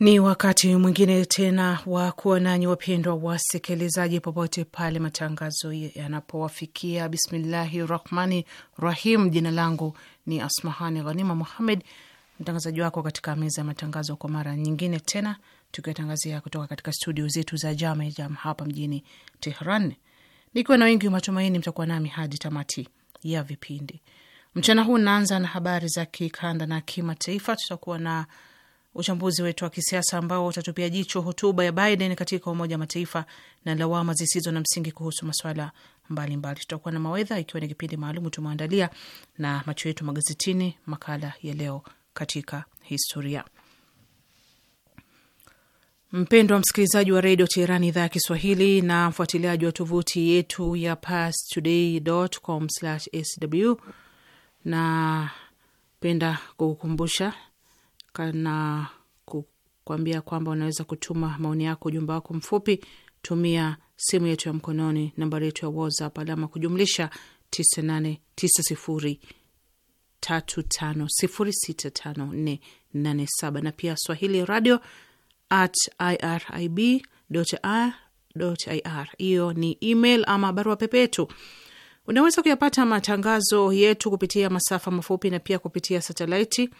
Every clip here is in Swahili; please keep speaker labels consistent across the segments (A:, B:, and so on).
A: Ni wakati mwingine tena wa kuwa nanyi wapendwa wasikilizaji, popote pale matangazo yanapowafikia. Bismillahi rahmani rahim. Jina langu ni Asmahani Ghanima Muhammed, mtangazaji wako katika meza ya matangazo, kwa mara nyingine tena tukiwatangazia kutoka katika studio zetu za Jame Jam hapa mjini Tehran, nikiwa na wengi matumaini mtakuwa nami hadi tamati ya vipindi. Mchana huu naanza na habari za kikanda na kimataifa. Tutakuwa na uchambuzi wetu wa kisiasa ambao utatupia jicho hotuba ya Biden katika Umoja wa Mataifa na lawama zisizo na msingi kuhusu maswala mbalimbali. Tutakuwa na mawedha, ikiwa ni kipindi maalum tumeandalia, na macho yetu magazetini, makala ya leo katika historia. Mpendwa msikilizaji wa redio Teherani, idhaa ya Kiswahili, na mfuatiliaji wa tovuti yetu ya pastoday.com/sw, napenda kukukumbusha na kukwambia kwamba unaweza kutuma maoni yako, ujumba wako mfupi, tumia simu yetu ya mkononi, nambari yetu ya WhatsApp alama kujumlisha 989035065487 na pia Swahili radio at irib.ir. Hiyo ni email ama barua pepe yetu. Unaweza kuyapata matangazo yetu kupitia masafa mafupi na pia kupitia satelaiti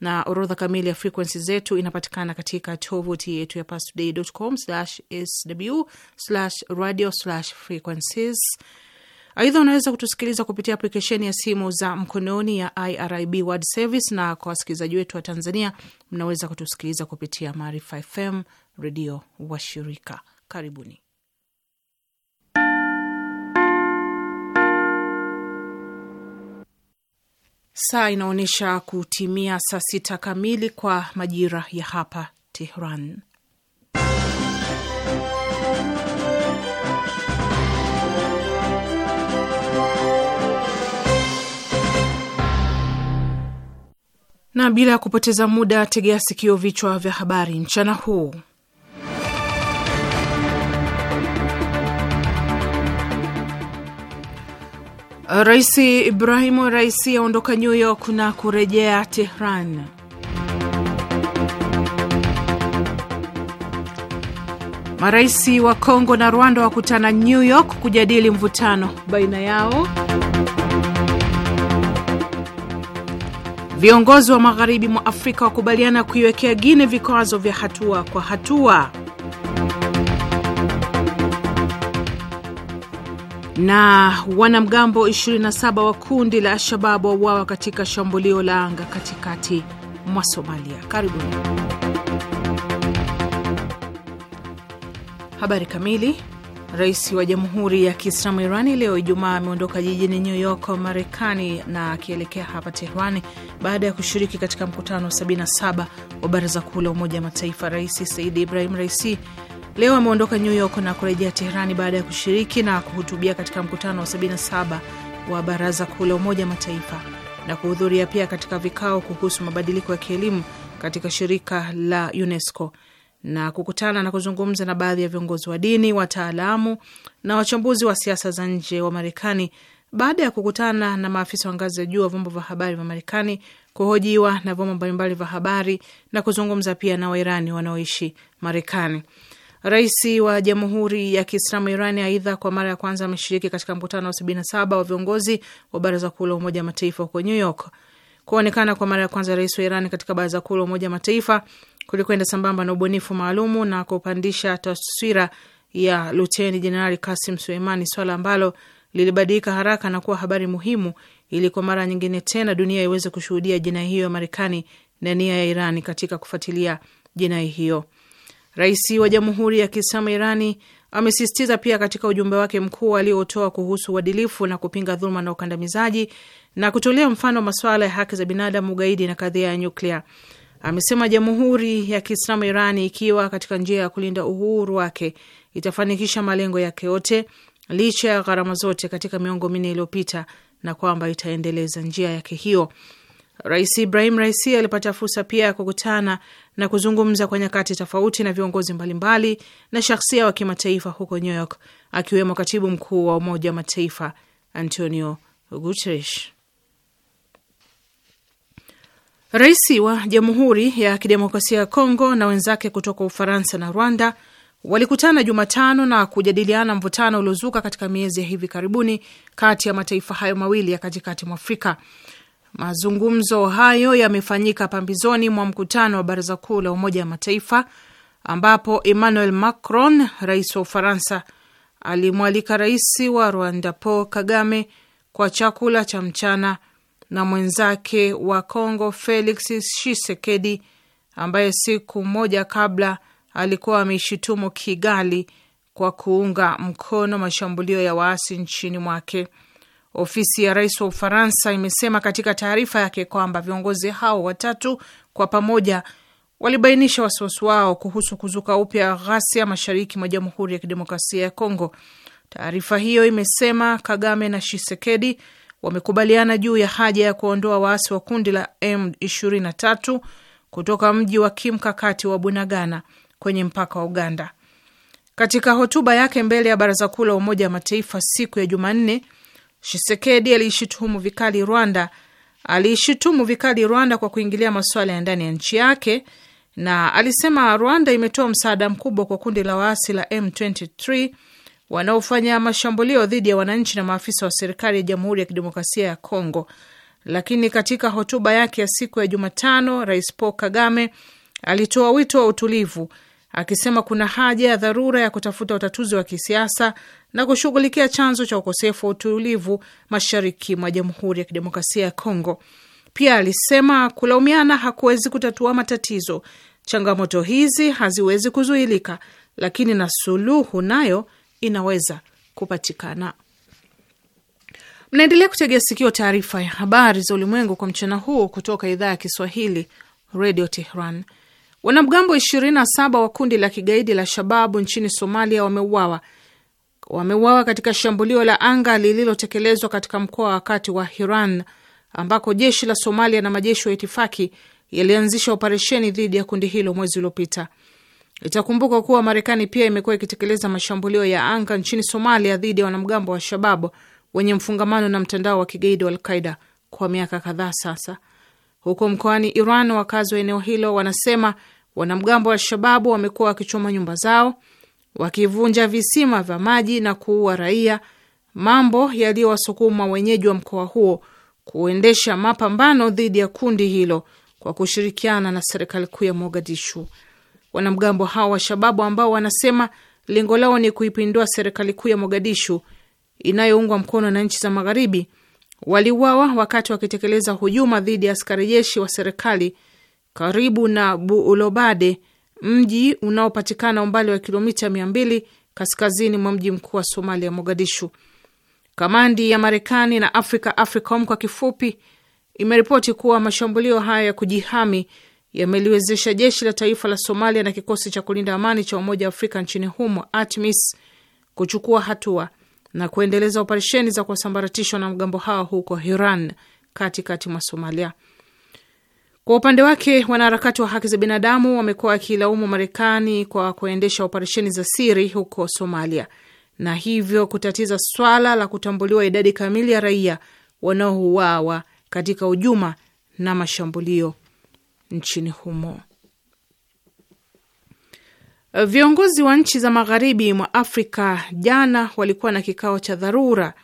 A: na orodha kamili ya frekuensi zetu inapatikana katika tovuti yetu ya parstoday.com/sw/radio/frequencies. Aidha, unaweza kutusikiliza kupitia aplikesheni ya simu za mkononi ya IRIB World Service, na kwa wasikilizaji wetu wa Tanzania mnaweza kutusikiliza kupitia Maarifa FM redio washirika. Karibuni. Saa inaonyesha kutimia saa sita kamili kwa majira ya hapa Tehran. Na bila ya kupoteza muda, tegea sikio vichwa vya habari mchana huu. Rais Ibrahimu Raisi aondoka New York na kurejea Tehran. Marais wa Kongo na Rwanda wakutana New York kujadili mvutano baina yao. Viongozi wa magharibi mwa Afrika wakubaliana kuiwekea Guinea vikwazo vya hatua kwa hatua. na wanamgambo 27 wa kundi la Al-Shababu wauawa katika shambulio la anga katikati mwa Somalia. Karibuni habari kamili. Rais wa Jamhuri ya Kiislamu Irani leo Ijumaa ameondoka jijini New York, Marekani, na akielekea hapa Teherani baada ya kushiriki katika mkutano wa 77 wa Baraza Kuu la Umoja wa Mataifa. Rais Saidi Ibrahim Raisi leo ameondoka New York na kurejea Teherani baada ya kushiriki na kuhutubia katika mkutano wa 77 wa Baraza Kuu la Umoja wa Mataifa na kuhudhuria pia katika vikao kuhusu mabadiliko ya kielimu katika shirika la UNESCO na kukutana na kuzungumza na baadhi ya viongozi wa dini, wataalamu na wachambuzi wa siasa za nje wa Marekani baada ya kukutana na maafisa wa ngazi ya juu wa vyombo vya habari vya Marekani, kuhojiwa na vyombo mbalimbali vya habari na kuzungumza pia na Wairani wanaoishi Marekani. Rais wa Jamhuri ya Kiislamu Irani aidha, kwa mara ya kwanza ameshiriki katika mkutano wa saba wa viongozi wa Baraza Kuu la Umoja wa Mataifa huko New York. Kuonekana kwa mara ya kwanza rais wa Irani katika Baraza Kuu la Umoja wa Mataifa kulikwenda sambamba na ubunifu maalumu na kupandisha taswira ya Luteni Jenerali Kasim Suleimani, swala ambalo lilibadilika haraka na kuwa habari muhimu ili kwa mara nyingine tena dunia iweze kushuhudia jinai hiyo ya Marekani na nia ya Irani katika kufuatilia jinai hiyo. Rais wa Jamhuri ya Kiislamu Irani amesisitiza pia katika ujumbe wake mkuu aliotoa kuhusu uadilifu na kupinga dhuluma na ukandamizaji na kutolea mfano masuala ya haki za binadamu, ugaidi na kadhia ya nyuklia. Amesema Jamhuri ya Kiislamu Irani, ikiwa katika njia ya kulinda uhuru wake, itafanikisha malengo yake yote licha ya gharama zote katika miongo minne iliyopita, na kwamba itaendeleza njia yake hiyo. Rais Ibrahim Raisi alipata fursa pia ya kukutana na kuzungumza kwa nyakati tofauti na viongozi mbalimbali na shahsia wa kimataifa huko New York, akiwemo katibu mkuu wa Umoja wa Mataifa Antonio Guterres. Rais wa Jamhuri ya Kidemokrasia ya Kongo na wenzake kutoka Ufaransa na Rwanda walikutana Jumatano na kujadiliana mvutano uliozuka katika miezi ya hivi karibuni kati ya mataifa hayo mawili ya katikati mwa Afrika. Mazungumzo hayo yamefanyika pambizoni mwa mkutano wa baraza kuu la Umoja wa Mataifa ambapo Emmanuel Macron, rais wa Ufaransa, alimwalika rais wa Rwanda Paul Kagame kwa chakula cha mchana na mwenzake wa congo Felix Tshisekedi ambaye siku moja kabla alikuwa ameishitumu Kigali kwa kuunga mkono mashambulio ya waasi nchini mwake. Ofisi ya rais wa Ufaransa imesema katika taarifa yake kwamba viongozi hao watatu kwa pamoja walibainisha wasiwasi wao kuhusu kuzuka upya ghasia mashariki mwa Jamhuri ya Kidemokrasia ya Kongo. Taarifa hiyo imesema Kagame na Shisekedi wamekubaliana juu ya haja ya kuondoa waasi wa kundi la M23 kutoka mji wa kimkakati wa Bunagana kwenye mpaka wa Uganda. Katika hotuba yake mbele ya Baraza Kuu la Umoja wa Mataifa siku ya Jumanne, Shisekedi aliishutumu vikali Rwanda, aliishutumu vikali Rwanda kwa kuingilia masuala ya ndani ya nchi yake, na alisema Rwanda imetoa msaada mkubwa kwa kundi la waasi la M23 wanaofanya mashambulio dhidi ya wananchi na maafisa wa serikali ya Jamhuri ya Kidemokrasia ya Kongo. Lakini katika hotuba yake ya siku ya Jumatano, Rais Paul Kagame alitoa wito wa utulivu akisema kuna haja ya dharura ya kutafuta utatuzi wa kisiasa na kushughulikia chanzo cha ukosefu wa utulivu mashariki mwa Jamhuri ya Kidemokrasia ya Kongo. Pia alisema kulaumiana hakuwezi kutatua matatizo. Changamoto hizi haziwezi kuzuilika, lakini na suluhu nayo inaweza kupatikana. Mnaendelea kutegea sikio taarifa ya habari za ulimwengu kwa mchana huu kutoka idhaa ya Kiswahili, Radio Tehran. Wanamgambo 27 wa kundi la kigaidi la Shababu nchini Somalia wameuawa wameuawa katika shambulio la anga lililotekelezwa katika mkoa wa kati wa Hiran ambako jeshi la Somalia na majeshi wa itifaki yalianzisha operesheni dhidi ya kundi hilo mwezi uliopita. Itakumbuka kuwa Marekani pia imekuwa ikitekeleza mashambulio ya anga nchini Somalia dhidi ya wanamgambo wa Shababu wenye mfungamano na mtandao wa kigaidi wa Alqaida kwa miaka kadhaa sasa. Huko mkoani Iran, wakazi wa eneo hilo wanasema wanamgambo wa shababu wamekuwa wakichoma nyumba zao, wakivunja visima vya maji na kuua raia, mambo yaliyowasukuma wenyeji wa mkoa huo kuendesha mapambano dhidi ya kundi hilo kwa kushirikiana na serikali kuu ya Mogadishu. Wanamgambo hao wa Shababu ambao wanasema lengo lao ni kuipindua serikali kuu ya Mogadishu inayoungwa mkono na nchi za Magharibi, waliuawa wakati wakitekeleza hujuma dhidi ya askari jeshi wa serikali karibu na Buulobade, mji unaopatikana umbali wa kilomita mbili kaskazini mwa mji mkuu wa Somalia, Mogadishu. Kamandi ya Marekani na Africa AFRICOM kwa kifupi imeripoti kuwa mashambulio haya ya kujihami yameliwezesha jeshi la taifa la Somalia na kikosi cha kulinda amani cha Umoja wa Afrika nchini humo ATMIS kuchukua hatua na kuendeleza operesheni za kuwasambaratishwa na mgambo hao huko Hiran katikati mwa Somalia. Kwa upande wake wanaharakati wa haki za binadamu wamekuwa wakilaumu Marekani kwa kuendesha operesheni za siri huko Somalia na hivyo kutatiza swala la kutambuliwa idadi kamili ya raia wanaouawa katika hujuma na mashambulio nchini humo. Viongozi wa nchi za magharibi mwa Afrika jana walikuwa na kikao cha dharura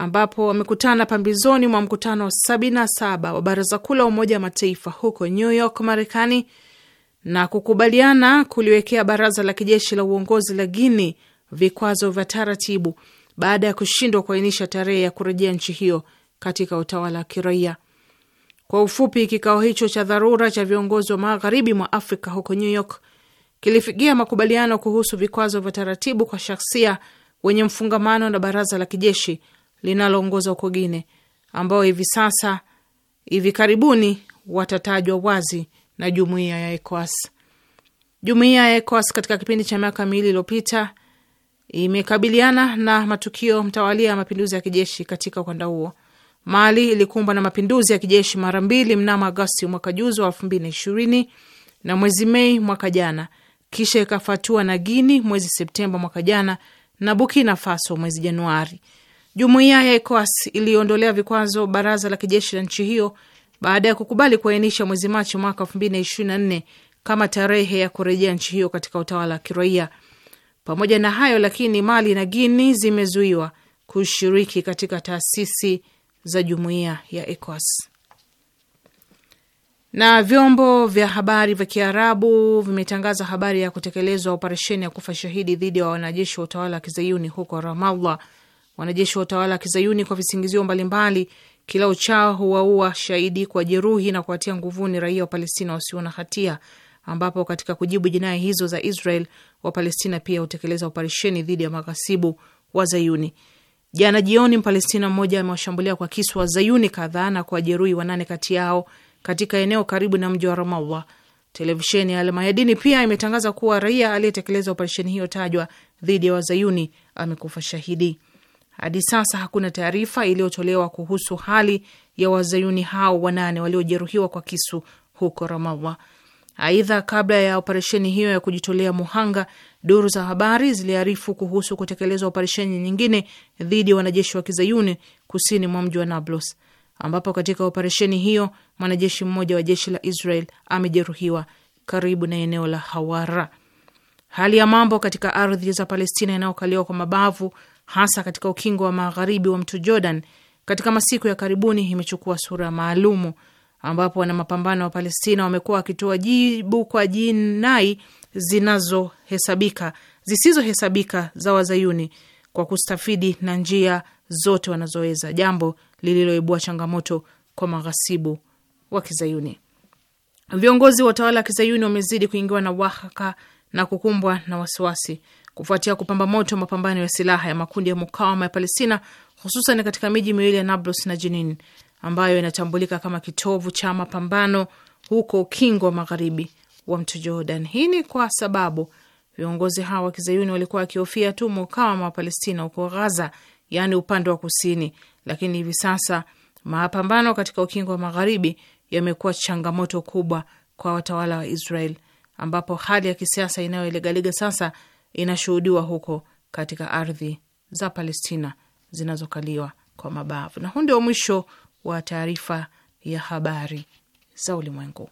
A: ambapo wamekutana pambizoni mwa mkutano wa 77 wa Baraza Kuu la Umoja wa Mataifa huko New York, Marekani, na kukubaliana kuliwekea baraza la kijeshi la uongozi la Guini vikwazo vya taratibu baada ya kushindwa kuainisha tarehe ya kurejea nchi hiyo katika utawala wa kiraia. Kwa ufupi, kikao hicho cha dharura cha viongozi wa magharibi mwa Afrika huko New York kilifikia makubaliano kuhusu vikwazo vya taratibu kwa shaksia wenye mfungamano na baraza la kijeshi linaloongozwa huko Guine, ambao hivi sasa hivi karibuni watatajwa wazi na jumuiya ya ECOWAS. Jumuiya ya ECOWAS katika kipindi cha miaka miwili iliyopita imekabiliana na matukio mtawalia ya mapinduzi ya kijeshi katika ukanda huo. Mali ilikumbwa na mapinduzi ya kijeshi mara mbili mnamo Agosti mwaka juzi wa elfu mbili na ishirini na mwezi Mei mwaka jana, kisha ikafuatiwa na Guini mwezi Septemba mwaka jana na Burkina Faso mwezi Januari. Jumuiya ya ECOWAS iliondolea vikwazo baraza la kijeshi la nchi hiyo baada ya kukubali kuainisha mwezi Machi mwaka 2024 kama tarehe ya kurejea nchi hiyo katika utawala wa kiraia. Pamoja na hayo lakini, Mali na Guini zimezuiwa kushiriki katika taasisi za jumuiya ya ECOWAS. Na vyombo vya habari vya Kiarabu vimetangaza habari ya kutekelezwa operesheni ya kufa shahidi dhidi ya wanajeshi wa utawala wa kizayuni huko Ramallah Wanajeshi wa utawala wa kizayuni kwa visingizio mbalimbali kila uchao huwaua shahidi, kwa jeruhi na kuwatia nguvuni raia wa Palestina wasio na hatia, ambapo katika kujibu jinai hizo za Israel Wapalestina pia hutekeleza operesheni dhidi ya makasibu wa Zayuni. Jana jioni, Mpalestina mmoja amewashambulia kwa kisu wa Zayuni kadhaa na kuwajeruhi wanane kati yao katika eneo karibu na mji wa Ramallah. Televisheni ya Almayadini pia imetangaza kuwa raia aliyetekeleza operesheni hiyo tajwa dhidi ya Wazayuni amekufa shahidi. Hadi sasa hakuna taarifa iliyotolewa kuhusu hali ya wazayuni hao wanane waliojeruhiwa kwa kisu huko Ramallah. Aidha, kabla ya operesheni hiyo ya kujitolea muhanga, duru za habari ziliarifu kuhusu kutekelezwa operesheni nyingine dhidi ya wanajeshi wa kizayuni kusini mwa mji wa Nablus, ambapo katika operesheni hiyo mwanajeshi mmoja wa jeshi la Israel amejeruhiwa karibu na eneo la Hawara. Hali ya mambo katika ardhi za Palestina inayokaliwa kwa mabavu hasa katika ukingo wa magharibi wa mto Jordan, katika masiku ya karibuni imechukua sura maalumu, ambapo wana mapambano wa Palestina wamekuwa wakitoa jibu kwa jinai zinazohesabika zisizohesabika za Wazayuni kwa kustafidi na njia zote wanazoweza, jambo lililoibua changamoto kwa maghasibu wa Kizayuni. Viongozi wa utawala wa Kizayuni wamezidi kuingiwa na wahaka na kukumbwa na wasiwasi kufuatia kupamba moto mapambano ya silaha ya makundi ya mukawama ya Palestina, hususan katika miji miwili ya Nablus na Jenin ambayo inatambulika kama kitovu cha mapambano huko ukingo wa magharibi wa mto Jordan. Hii ni kwa sababu viongozi hawa wa kizayuni walikuwa wakihofia tu mukawama wa Palestina huko Ghaza, yaani upande wa kusini, lakini hivi sasa mapambano katika ukingo wa magharibi yamekuwa changamoto kubwa kwa watawala wa Israel, ambapo hali ya kisiasa inayolegalega sasa inashuhudiwa huko katika ardhi za Palestina zinazokaliwa kwa mabavu. Na huu ndio mwisho wa taarifa ya habari za ulimwengu.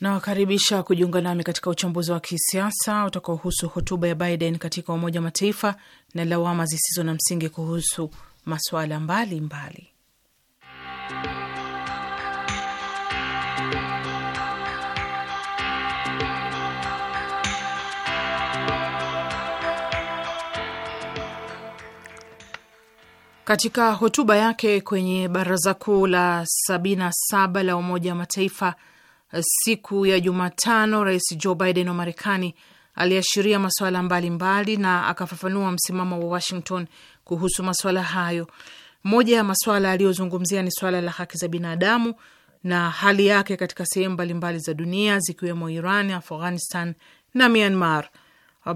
A: Nawakaribisha kujiunga nami katika uchambuzi wa kisiasa utakaohusu hotuba ya Biden katika Umoja wa Mataifa na lawama zisizo na msingi kuhusu masuala mbalimbali. Katika hotuba yake kwenye Baraza Kuu la 77 la Umoja wa Mataifa siku ya Jumatano, Rais Joe Biden wa Marekani aliashiria masuala mbalimbali na akafafanua msimamo wa Washington kuhusu masuala hayo. Moja ya masuala aliyozungumzia ni swala la haki za binadamu na hali yake katika sehemu mbalimbali za dunia zikiwemo Iran, Afghanistan na Myanmar.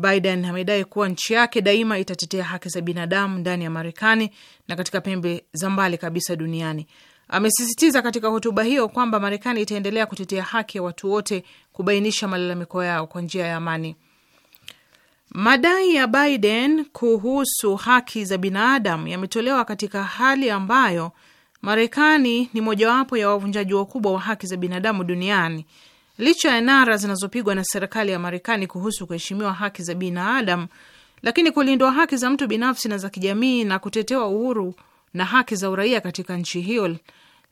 A: Biden amedai kuwa nchi yake daima itatetea haki za binadamu ndani ya Marekani na katika pembe za mbali kabisa duniani Amesisitiza katika hotuba hiyo kwamba Marekani itaendelea kutetea haki ya watu wote kubainisha malalamiko yao kwa njia ya amani. Madai ya Biden kuhusu haki za binadamu yametolewa katika hali ambayo Marekani ni mojawapo ya wavunjaji wakubwa wa haki za binadamu duniani, licha ya nara zinazopigwa na serikali ya Marekani kuhusu kuheshimiwa haki za binadamu, lakini kulindwa haki za mtu binafsi na za kijamii na kutetewa uhuru na haki za uraia katika nchi hiyo,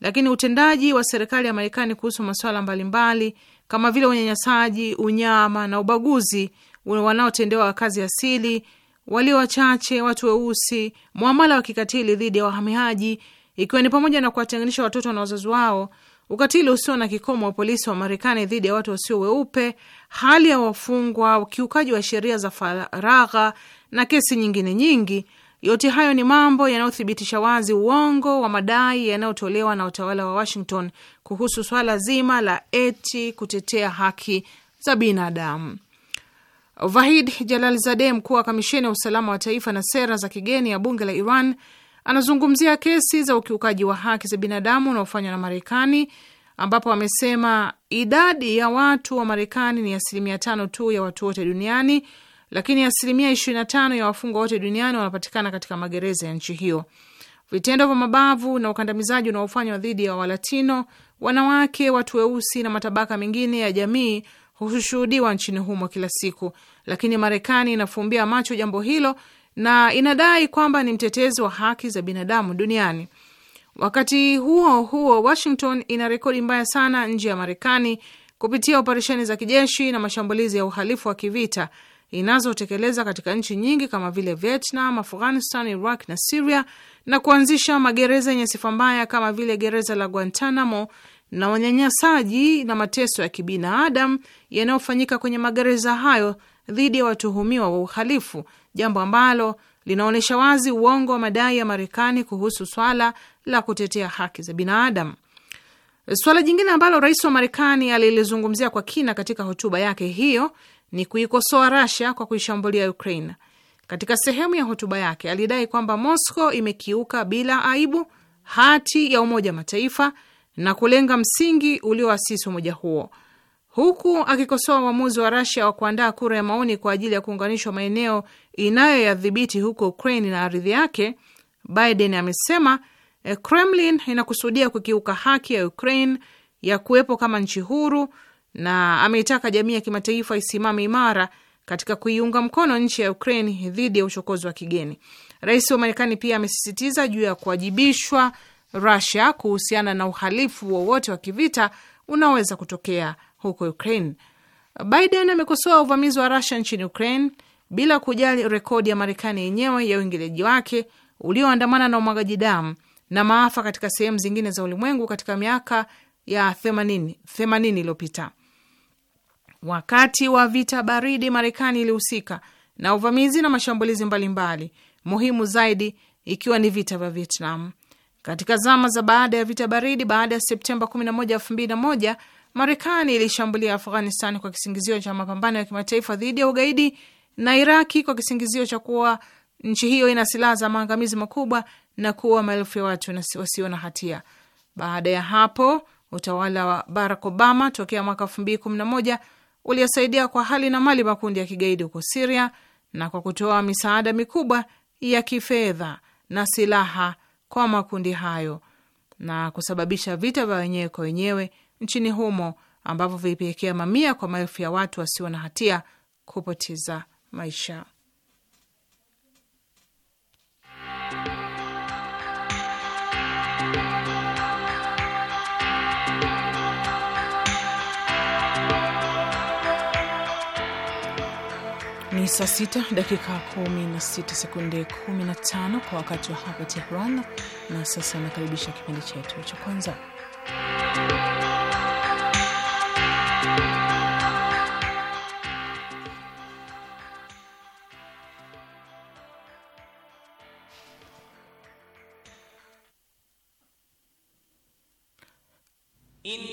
A: lakini utendaji wa serikali ya Marekani kuhusu masuala mbalimbali kama vile unyanyasaji, unyama na ubaguzi wanaotendewa wakazi asili, walio wachache, watu weusi, mwamala wa kikatili dhidi ya wahamiaji, ikiwa ni pamoja na kuwatenganisha watoto na wazazi wao, ukatili usio na kikomo wa polisi wa Marekani dhidi ya watu wasio weupe, hali ya wafungwa, ukiukaji wa sheria za faragha na kesi nyingine nyingi yote hayo ni mambo yanayothibitisha wazi uongo wa madai yanayotolewa na utawala wa Washington kuhusu swala zima la eti kutetea haki za binadamu. Vahid jalalzade mkuu wa kamisheni ya usalama wa taifa na sera za kigeni ya bunge la Iran, anazungumzia kesi za ukiukaji wa haki za binadamu unaofanywa na Marekani, ambapo amesema idadi ya watu wa Marekani ni asilimia tano tu ya watu wote duniani lakini asilimia 25 ya wafungwa wote duniani wanapatikana katika magereza ya nchi hiyo. Vitendo vya mabavu na ukandamizaji unaofanywa dhidi ya Walatino, wanawake, watu weusi na matabaka mengine ya jamii hushuhudiwa nchini humo kila siku, lakini Marekani inafumbia macho jambo hilo na inadai kwamba ni mtetezi wa haki za binadamu duniani. Wakati huo huo, Washington ina rekodi mbaya sana nje ya Marekani kupitia operesheni za kijeshi na mashambulizi ya uhalifu wa kivita inazotekeleza katika nchi nyingi kama vile Vietnam, Afghanistan, Iraq na Siria, na kuanzisha magereza yenye sifa mbaya kama vile gereza la Guantanamo na wanyanyasaji na mateso ya kibinadamu yanayofanyika kwenye magereza hayo dhidi ya watuhumiwa wa uhalifu, jambo ambalo linaonyesha wazi uongo wa madai ya Marekani kuhusu swala la kutetea haki za binadamu. Swala jingine ambalo rais wa Marekani alilizungumzia kwa kina katika hotuba yake hiyo ni kuikosoa Rasia kwa kuishambulia Ukraine. Katika sehemu ya hotuba yake alidai kwamba Moscow imekiuka bila aibu hati ya Umoja wa Mataifa na kulenga msingi ulioasisi umoja huo, huku akikosoa uamuzi wa Rasia wa kuandaa kura ya maoni kwa ajili ya kuunganishwa maeneo inayoyadhibiti huko Ukraine na ardhi yake. Biden amesema eh, Kremlin inakusudia kukiuka haki ya Ukraine ya kuwepo kama nchi huru na ameitaka jamii ya kimataifa isimame imara katika kuiunga mkono nchi ya Ukraine dhidi ya uchokozi wa kigeni. Rais wa Marekani pia amesisitiza juu ya kuwajibishwa Rusia kuhusiana na uhalifu wowote wa, wa kivita unaoweza kutokea huko Ukraine. Biden amekosoa uvamizi wa Rusia nchini Ukraine bila kujali rekodi ya Marekani yenyewe ya uingiliaji wake ulioandamana na umwagaji damu na maafa katika sehemu zingine za ulimwengu katika miaka ya 80 iliyopita. Wakati wa vita baridi, Marekani ilihusika na uvamizi na mashambulizi mbalimbali mbali, muhimu zaidi ikiwa ni vita vya Vietnam. Katika zama za baada ya vita baridi, baada ya Septemba 11, 2001, Marekani ilishambulia Afghanistan kwa kisingizio cha mapambano ya kimataifa dhidi ya ugaidi na Iraki kwa kisingizio cha kuwa nchi hiyo ina silaha za maangamizi makubwa na kuwa maelfu ya watu wasio na hatia. Baada ya hapo, utawala wa Barack Obama tokea mwaka 2011 uliosaidia kwa hali na mali makundi ya kigaidi huko Siria na kwa kutoa misaada mikubwa ya kifedha na silaha kwa makundi hayo na kusababisha vita vya wenyewe kwa wenyewe nchini humo ambavyo vilipelekea mamia kwa maelfu ya watu wasio na hatia kupoteza maisha. Ni saa sita dakika kumi na sita sekunde kumi na tano kwa wakati wa hapa Tehran, na sasa nakaribisha kipindi chetu cha kwanza
B: In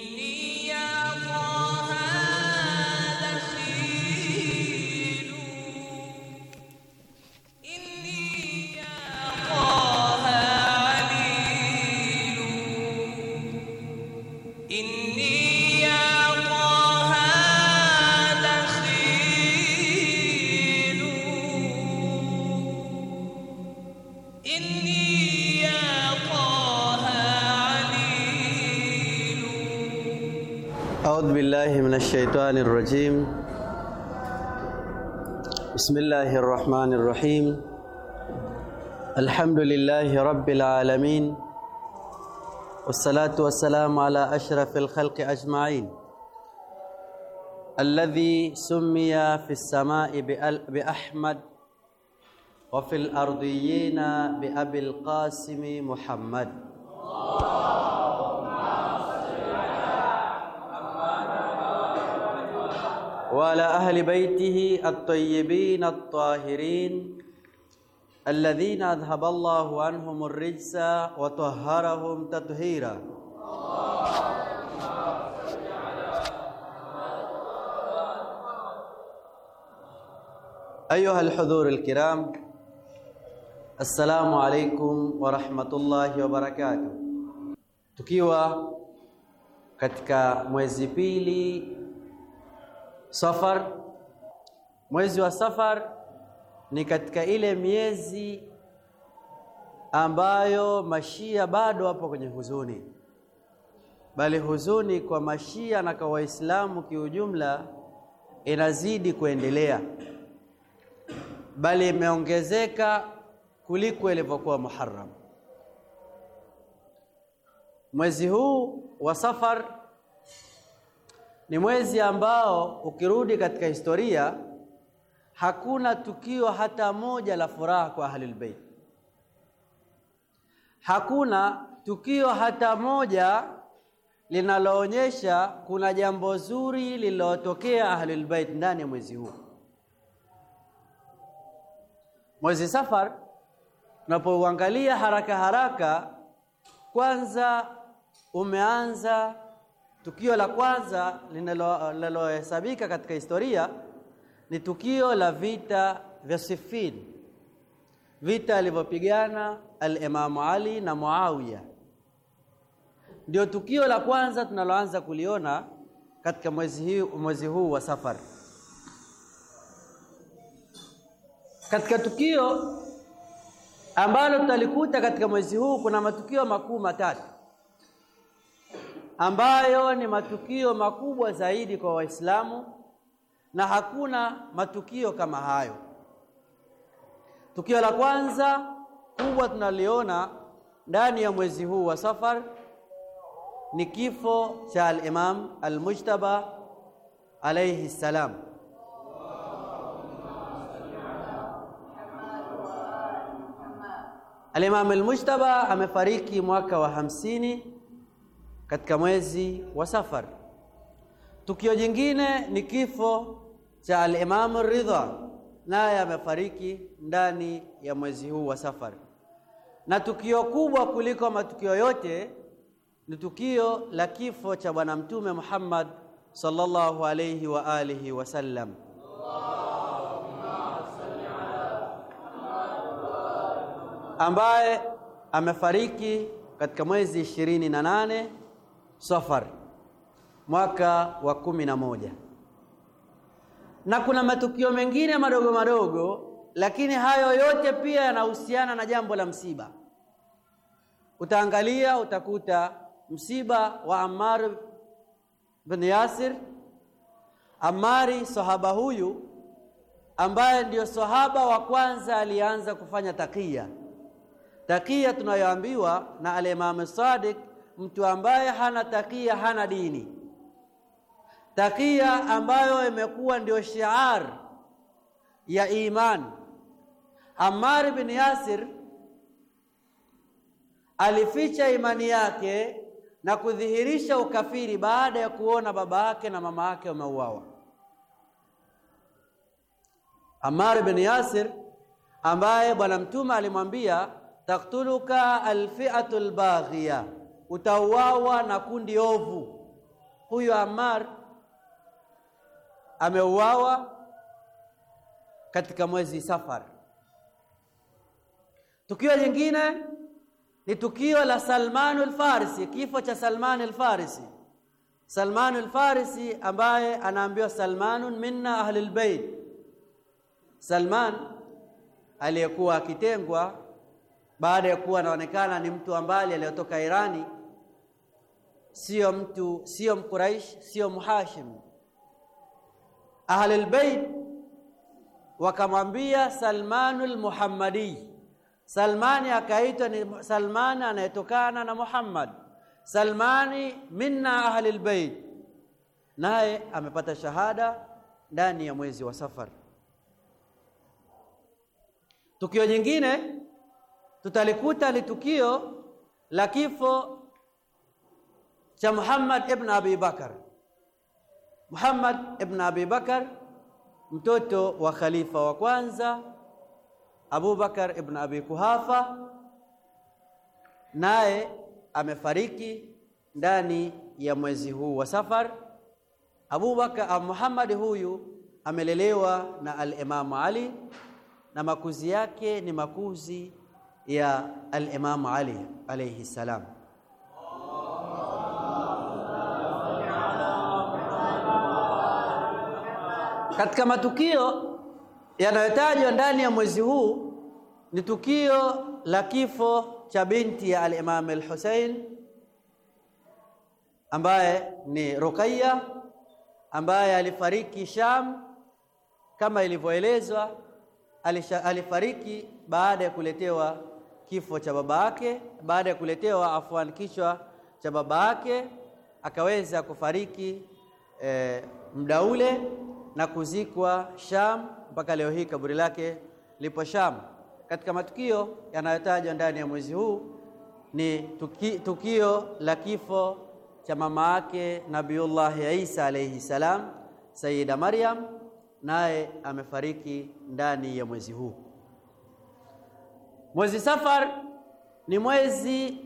C: أعوذ بالله من الشيطان الرجيم بسم الله الرحمن الرحيم الحمد لله رب العالمين والصلاة والسلام على أشرف الخلق أجمعين الذي سمي في السماء بأحمد وفي الأرضيين بأبي القاسم محمد وعلى أهل بيته الطيبين الطاهرين الذين أذهب الله عنهم الرجس وطهرهم تطهيرا أيها الحضور الكرام السلام عليكم ورحمة الله وبركاته تكيوا katika mwezi pili Safar, mwezi wa Safar ni katika ile miezi ambayo mashia bado wapo kwenye huzuni, bali huzuni kwa mashia na kwa Waislamu kiujumla inazidi kuendelea, bali imeongezeka kuliko ilivyokuwa Muharram. Mwezi huu wa Safar ni mwezi ambao ukirudi katika historia hakuna tukio hata moja la furaha kwa ahlul bait, hakuna tukio hata moja linaloonyesha kuna jambo zuri lililotokea ahlul bait ndani ya mwezi huu. Mwezi Safar unapouangalia haraka haraka, kwanza umeanza Tukio la kwanza linalohesabika katika historia ni tukio la vita vya Siffin, vita alivyopigana al-Imamu Ali na Muawiya. Ndio tukio la kwanza tunaloanza kuliona katika mwezi huu, mwezi huu wa Safar. Katika tukio ambalo tutalikuta katika mwezi huu kuna matukio makuu matatu ambayo ni matukio makubwa zaidi kwa Waislamu na hakuna matukio kama hayo. Tukio la kwanza kubwa tunaliona ndani ya mwezi huu wa Safar ni kifo cha al-Imam al-Mujtaba alayhi salam. Al-Imam al-Mujtaba amefariki mwaka wa hamsini katika mwezi wa Safar. Tukio jingine ni kifo cha al-Imam Ridha, naye amefariki ndani ya mwezi huu wa Safar. Na tukio kubwa kuliko matukio yote ni tukio la kifo cha Bwana Mtume Muhammad sallallahu alayhi wa alihi wasallam. ambaye amefariki katika mwezi ishirini na nane Safar mwaka wa kumi na moja. Na kuna matukio mengine madogo madogo, lakini hayo yote pia yanahusiana na jambo la msiba. Utaangalia utakuta msiba wa Ammar bin Yasir. Amari, sahaba huyu ambaye ndiyo sahaba wa kwanza alianza kufanya takia. Takia tunayoambiwa na Alimamu Sadiq mtu ambaye hana takia hana dini. Takia ambayo imekuwa ndio shiar ya imani. Ammar bin Yasir alificha imani yake na kudhihirisha ukafiri baada ya kuona baba yake na mama yake wameuawa. Ammar bin Yasir ambaye Bwana Mtume alimwambia taktuluka alfiatu lbaghia utauawa na kundi ovu. Huyo amar ameuawa katika mwezi Safar. Tukio lingine ni tukio la Salman al-Farisi, kifo cha Salman al-Farisi. Salman al-Farisi ambaye anaambiwa Salmanun minna ahli al Salman aliyekuwa akitengwa baada ya kuwa anaonekana ni mtu ambaye aliyotoka Irani sio mtu, sio Mquraish, sio Mhashim. Ahlul Bait wakamwambia Salmanul Muhammadi. Salmani akaitwa ni Salmani anayetokana na Muhammad. Salmani minna ahlil bait, naye amepata shahada ndani ya mwezi wa Safar. Tukio jingine tutalikuta ni tukio la kifo cha Muhammad ibn Abi Bakar. Muhammad ibn Abi Bakar mtoto wa khalifa wa kwanza Abu Bakar ibn Abi Kuhafa, naye amefariki ndani ya mwezi huu wa Safar. Abu Bakar ah, Muhammad huyu amelelewa na al-Imamu Ali na makuzi yake ni makuzi ya al-Imamu Ali alayhi salam. Katika matukio yanayotajwa ndani ya mwezi huu ni tukio la kifo cha binti ya al-Imam al-Hussein ambaye ni rukayya ambaye alifariki Sham kama ilivyoelezwa. Alifariki baada ya kuletewa kifo cha baba yake, baada ya kuletewa afwan kichwa cha baba yake akaweza kufariki e, muda ule na kuzikwa Sham, mpaka leo hii kaburi lake lipo Sham. Katika matukio yanayotajwa ndani ya mwezi huu ni tuki, tukio la kifo cha mama yake Nabiullahi Isa alayhi salam, Sayyida Maryam, naye amefariki ndani ya mwezi huu. Mwezi Safar ni mwezi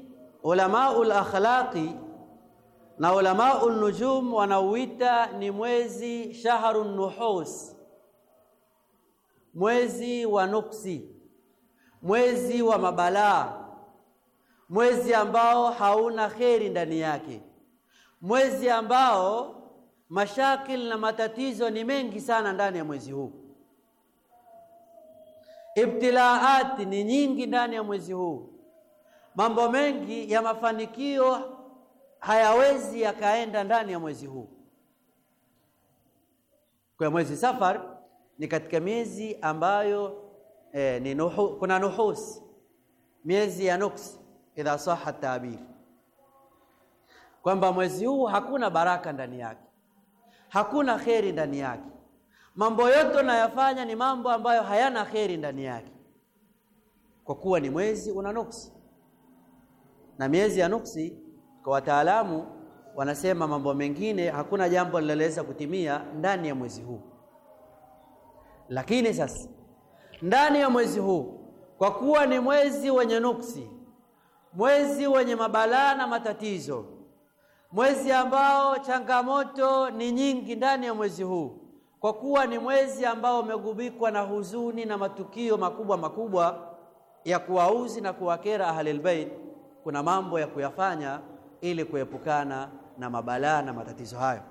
C: ulamaul akhlaqi na ulamau nujum wanauita ni mwezi shaharu nuhus, mwezi wa nuksi, mwezi wa mabalaa, mwezi ambao hauna kheri ndani yake, mwezi ambao mashakil na matatizo ni mengi sana ndani ya mwezi huu, ibtilaati ni nyingi ndani ya mwezi huu, mambo mengi ya mafanikio hayawezi yakaenda ndani ya mwezi huu. Kwa mwezi Safar ni katika miezi ambayo eh, ni nuhu, kuna nuhus, miezi ya nuksi, idha saha tabir, kwamba mwezi huu hakuna baraka ndani yake, hakuna kheri ndani yake. Mambo yote unayafanya ni mambo ambayo hayana kheri ndani yake, kwa kuwa ni mwezi una nuksi, na miezi ya nuksi kwa wataalamu wanasema mambo mengine hakuna jambo linaloweza kutimia ndani ya mwezi huu, lakini sasa ndani ya mwezi huu, kwa kuwa ni mwezi wenye nuksi, mwezi wenye mabalaa na matatizo, mwezi ambao changamoto ni nyingi ndani ya mwezi huu, kwa kuwa ni mwezi ambao umegubikwa na huzuni na matukio makubwa makubwa ya kuwauzi na kuwakera ahlul bait, kuna mambo ya kuyafanya ili kuepukana na mabalaa na matatizo hayo.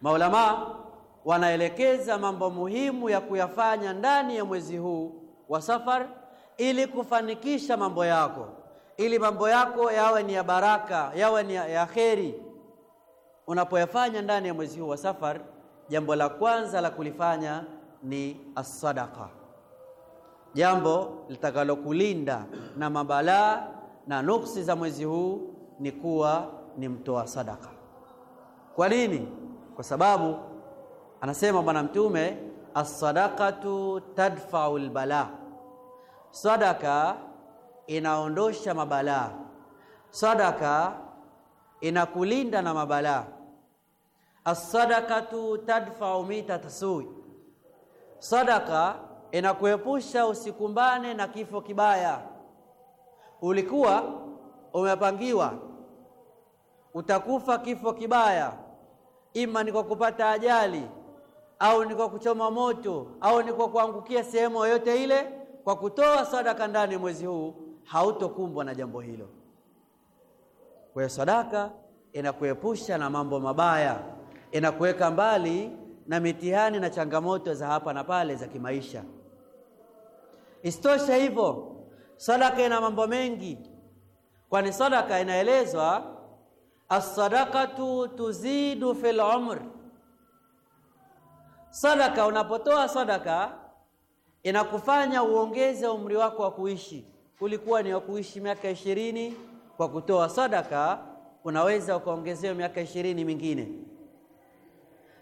C: Maulamaa wanaelekeza mambo muhimu ya kuyafanya ndani ya mwezi huu wa Safar ili kufanikisha mambo yako, ili mambo yako yawe ni ya baraka, yawe ni ya kheri. Unapoyafanya ndani ya mwezi huu wa Safar, jambo la kwanza la kulifanya ni assadaka, jambo litakalokulinda na mabalaa na nuksi za mwezi huu ni kuwa ni mtoa sadaka. Kwa nini? Kwa sababu anasema Bwana Mtume, as-sadaqatu tadfa'u al-bala, sadaka inaondosha mabalaa, sadaka inakulinda na mabalaa. As-sadaqatu tadfa'u mita tasui. sadaka inakuepusha usikumbane na kifo kibaya. Ulikuwa umepangiwa utakufa kifo kibaya, ima ni kwa kupata ajali au ni kwa kuchoma moto au ni kwa kuangukia sehemu yoyote ile. Kwa kutoa sadaka ndani mwezi huu hautokumbwa na jambo hilo. Kwa hiyo sadaka inakuepusha na mambo mabaya, inakuweka mbali na mitihani na changamoto za hapa na pale za kimaisha. isitosha hivyo, sadaka ina mambo mengi, kwani sadaka inaelezwa As-sadaqatu tuzidu fil umr. Sadaka, unapotoa sadaka inakufanya uongeze umri wako wa kuishi. Ulikuwa ni wa kuishi miaka ishirini, kwa kutoa sadaka unaweza ukaongezewa miaka ishirini mingine.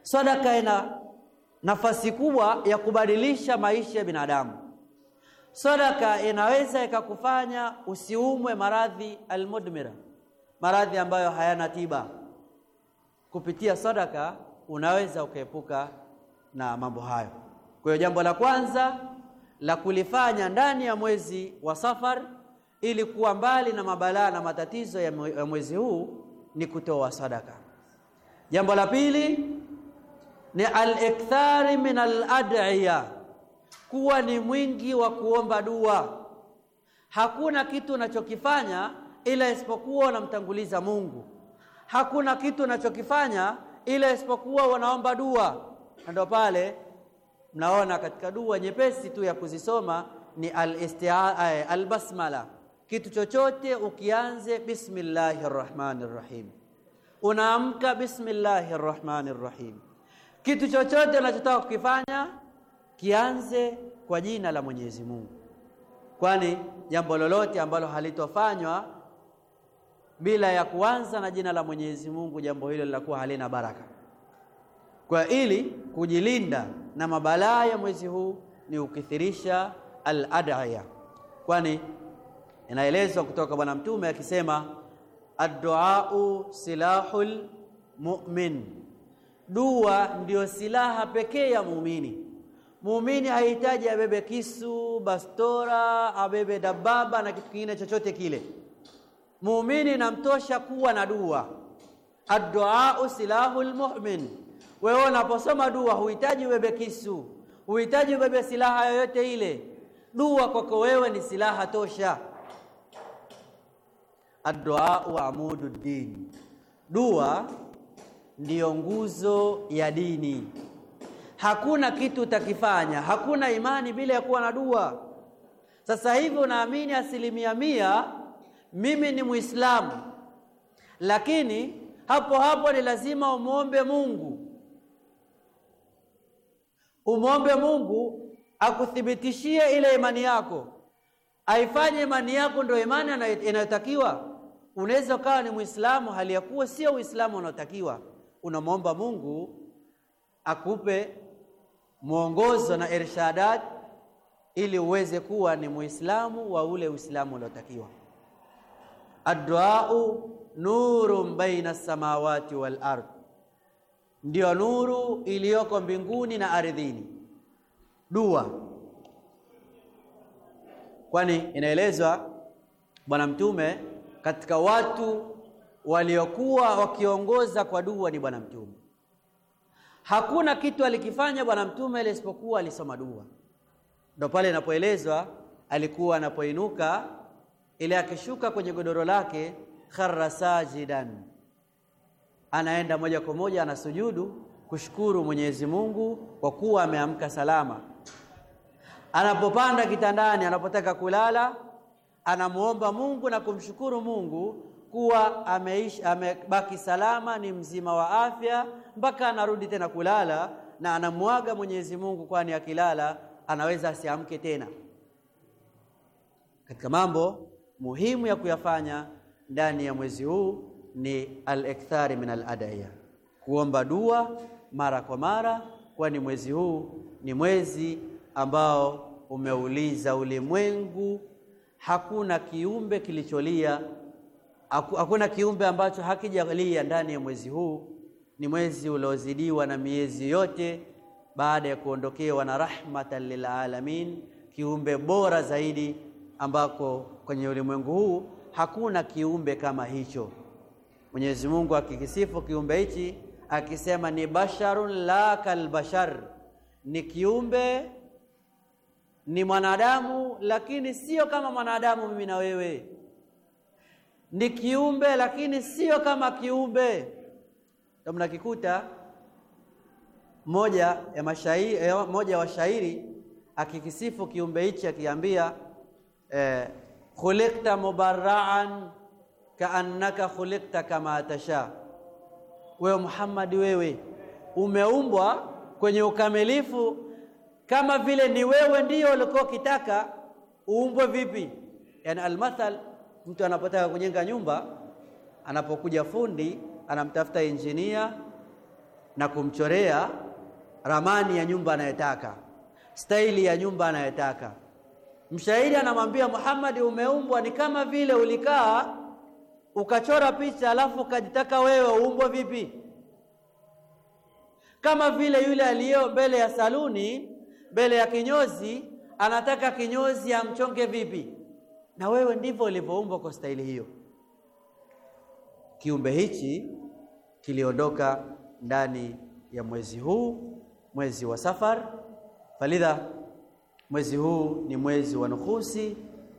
C: Sadaka ina nafasi kubwa ya kubadilisha maisha ya binadamu. Sadaka inaweza ikakufanya usiumwe maradhi almudmira maradhi ambayo hayana tiba. Kupitia sadaka unaweza ukaepuka na mambo hayo. Kwa hiyo jambo la kwanza la kulifanya ndani ya mwezi wa Safar ili kuwa mbali na mabalaa na matatizo ya mwezi huu ni kutoa sadaka. Jambo la pili ni al-ikthari min al-ad'iya, kuwa ni mwingi wa kuomba dua. Hakuna kitu unachokifanya ila isipokuwa wanamtanguliza Mungu. Hakuna kitu wanachokifanya ila isipokuwa wanaomba dua, na ndio pale mnaona katika dua nyepesi tu ya kuzisoma ni al eh, Kitu chochote ukianze bismillahir rahmanir rahim, unaamka bismillahir rahmanir rahim. Kitu chochote unachotaka kukifanya kianze kwa jina la Mwenyezi Mungu, kwani jambo lolote ambalo halitofanywa bila ya kuanza na jina la Mwenyezi Mungu, jambo hilo linakuwa halina baraka. Kwa ili kujilinda na mabalaa ya mwezi huu ni ukithirisha al-ad'iya, kwani inaelezwa kutoka Bwana Mtume akisema adduau silahul mu'min, dua ndiyo silaha pekee ya muumini. Muumini hahitaji abebe kisu, bastora, abebe dababa na kitu kingine chochote kile muumini namtosha kuwa na dua. Adduau silahul mu'min. Wewe unaposoma dua huhitaji ubebe kisu, huhitaji ubebe silaha yoyote ile. Dua kwako wewe ni silaha tosha. Adduau amudu dini, dua ndiyo nguzo ya dini. Hakuna kitu utakifanya, hakuna imani bila ya kuwa na dua. Sasa hivi unaamini asilimia mia mimi ni Muislamu, lakini hapo hapo ni lazima umwombe Mungu, umwombe Mungu akuthibitishie ile imani yako, aifanye imani yako ndio imani inayotakiwa. Unaweza ukawa ni Muislamu hali ya kuwa sio Uislamu unaotakiwa. Unamwomba Mungu akupe mwongozo na irshadat ili uweze kuwa ni Muislamu wa ule Uislamu unaotakiwa adduau nurun baina samawati wal ard ndiyo nuru iliyoko mbinguni na ardhini. Dua kwani inaelezwa Bwana Mtume katika watu waliokuwa wakiongoza kwa dua ni Bwana Mtume. Hakuna kitu alikifanya Bwana Mtume ile isipokuwa alisoma dua. Ndio pale inapoelezwa alikuwa anapoinuka ile akishuka kwenye godoro lake kharra sajidan, anaenda moja kwa moja anasujudu kushukuru Mwenyezi Mungu kwa kuwa ameamka salama. Anapopanda kitandani, anapotaka kulala, anamuomba Mungu na kumshukuru Mungu kuwa ameishi, amebaki salama, ni mzima wa afya mpaka anarudi tena kulala, na anamwaga Mwenyezi Mungu, kwani akilala anaweza asiamke tena. Katika mambo muhimu ya kuyafanya ndani ya mwezi huu ni al-ikthari min al adaya kuomba dua mara kwa mara, kwani mwezi huu ni mwezi ambao umeuliza ulimwengu. Hakuna kiumbe kilicholia, hakuna kiumbe ambacho hakijalia ndani ya mwezi huu. Ni mwezi uliozidiwa na miezi yote, baada ya kuondokewa na rahmatan lilalamin, kiumbe bora zaidi ambako kwenye ulimwengu huu hakuna kiumbe kama hicho. Mwenyezi Mungu akikisifu kiumbe hichi akisema ni basharun la kalbashar, ni kiumbe ni mwanadamu lakini sio kama mwanadamu mimi na wewe, ni kiumbe lakini sio kama kiumbe. Ndio mnakikuta moja ya mashairi, eh, moja wa shairi akikisifu kiumbe hichi akiambia eh, khulikta mubarraan kaannaka khulikta kama tasha, wewe Muhammad, wewe umeumbwa kwenye ukamilifu kama vile ni wewe ndio ulikuwa ukitaka uumbwe. Vipi? Yani almathal, mtu anapotaka kujenga nyumba, anapokuja fundi anamtafuta injinia na kumchorea ramani ya nyumba anayotaka, staili ya nyumba anayotaka Mshairi anamwambia Muhammad, umeumbwa ni kama vile ulikaa ukachora picha alafu ukajitaka wewe uumbwe vipi, kama vile yule aliyo mbele ya saluni, mbele ya kinyozi, anataka kinyozi amchonge vipi, na wewe ndivyo ulivyoumbwa kwa staili hiyo. Kiumbe hichi kiliondoka ndani ya mwezi huu, mwezi wa Safar, falidha Mwezi huu ni mwezi wa nuhusi,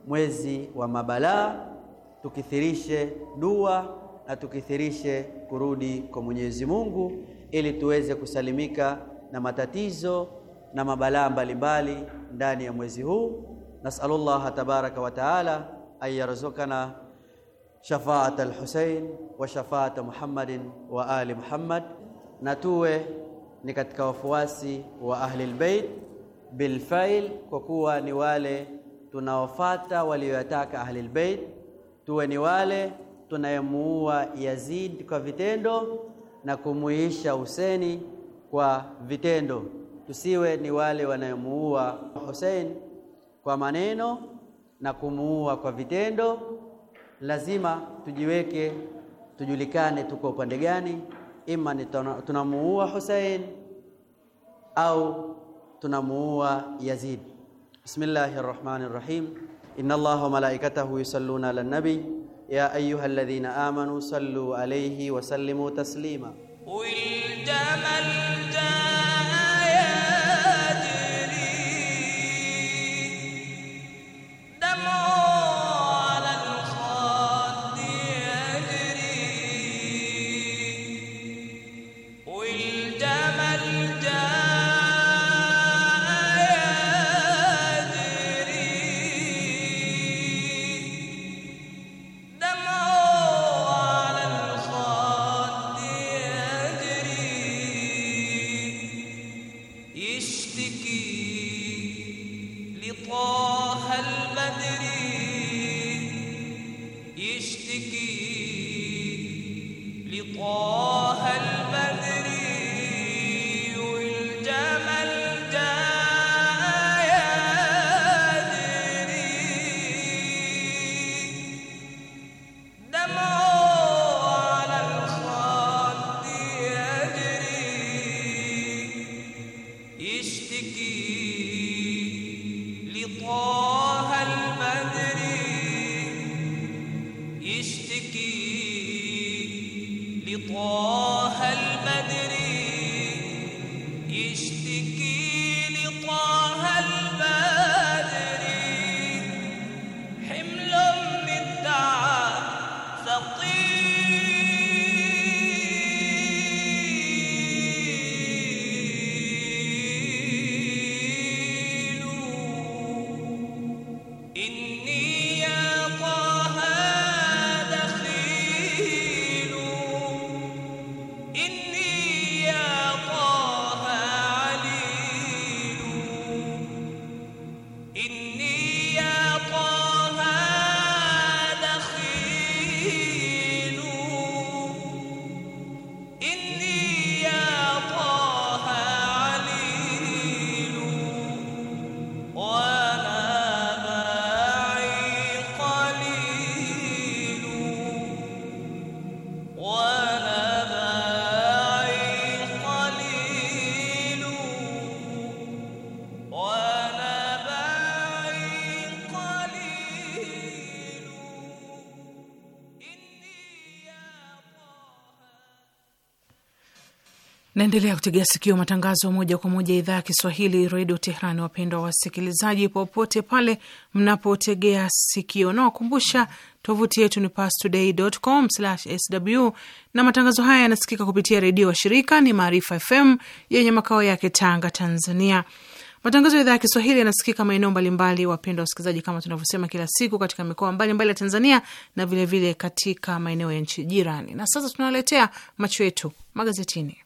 C: mwezi wa mabalaa. Tukithirishe dua na tukithirishe kurudi kwa Mwenyezi Mungu ili tuweze kusalimika na matatizo na mabalaa mbalimbali ndani ya mwezi huu. Nasalullaha tabaraka wa taala ayarzukana shafaata al-Husayn wa shafaata Muhammadin wa ali Muhammad, na tuwe ni katika wafuasi wa al bait bilfail, kwa kuwa ni wale tunaofata walioyataka ahlilbeit tuwe ni wale tunayemuua Yazid kwa vitendo na kumuisha Huseni kwa vitendo, tusiwe ni wale wanayemuua Hussein kwa maneno na kumuua kwa vitendo. Lazima tujiweke, tujulikane tuko upande gani, ima ni tunamuua Hussein au tunamuua Yazid. Bismillahirrahmanirrahim. Inna Allaha malaikatahu yusalluna 'alan nabi ya ayyuhalladhina amanu sallu alayhi wa sallimu taslima. Wal jamal
A: Naendelea kutegea sikio matangazo moja kwa moja idhaa ya Kiswahili redio Tehrani. Wapendwa wasikilizaji, popote pale mnapotegea sikio, nawakumbusha tovuti yetu ni pastoday.com/sw, na matangazo haya yanasikika kupitia redio wa shirika ni Maarifa FM yenye makao yake Tanga, Tanzania. Matangazo ya idhaa ya Kiswahili yanasikika maeneo mbalimbali, wapendwa wasikilizaji, kama tunavyosema kila siku, katika mikoa mbalimbali ya Tanzania na vilevile vile katika maeneo ya nchi jirani. Na sasa tunawaletea macho yetu magazetini.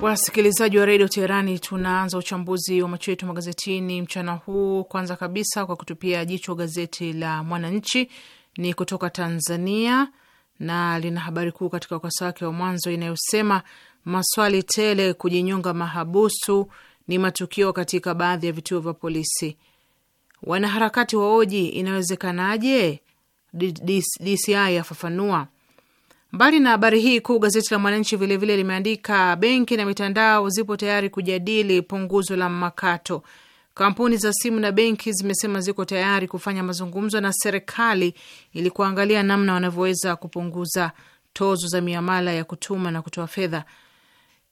A: Wasikilizaji wa redio Teherani, tunaanza uchambuzi wa macho yetu magazetini mchana huu. Kwanza kabisa kwa kutupia jicho gazeti la Mwananchi ni kutoka Tanzania na lina habari kuu katika ukurasa wake wa mwanzo inayosema maswali tele, kujinyonga mahabusu ni matukio katika baadhi ya vituo vya polisi. Wanaharakati oji inawezekanaje? DCI afafanua. Mbali na habari hii kuu, gazeti la Mwananchi vilevile limeandika benki na mitandao zipo tayari kujadili punguzo la makato. Kampuni za simu na benki zimesema ziko tayari kufanya mazungumzo na serikali ili kuangalia namna wanavyoweza kupunguza tozo za miamala ya kutuma na kutoa fedha.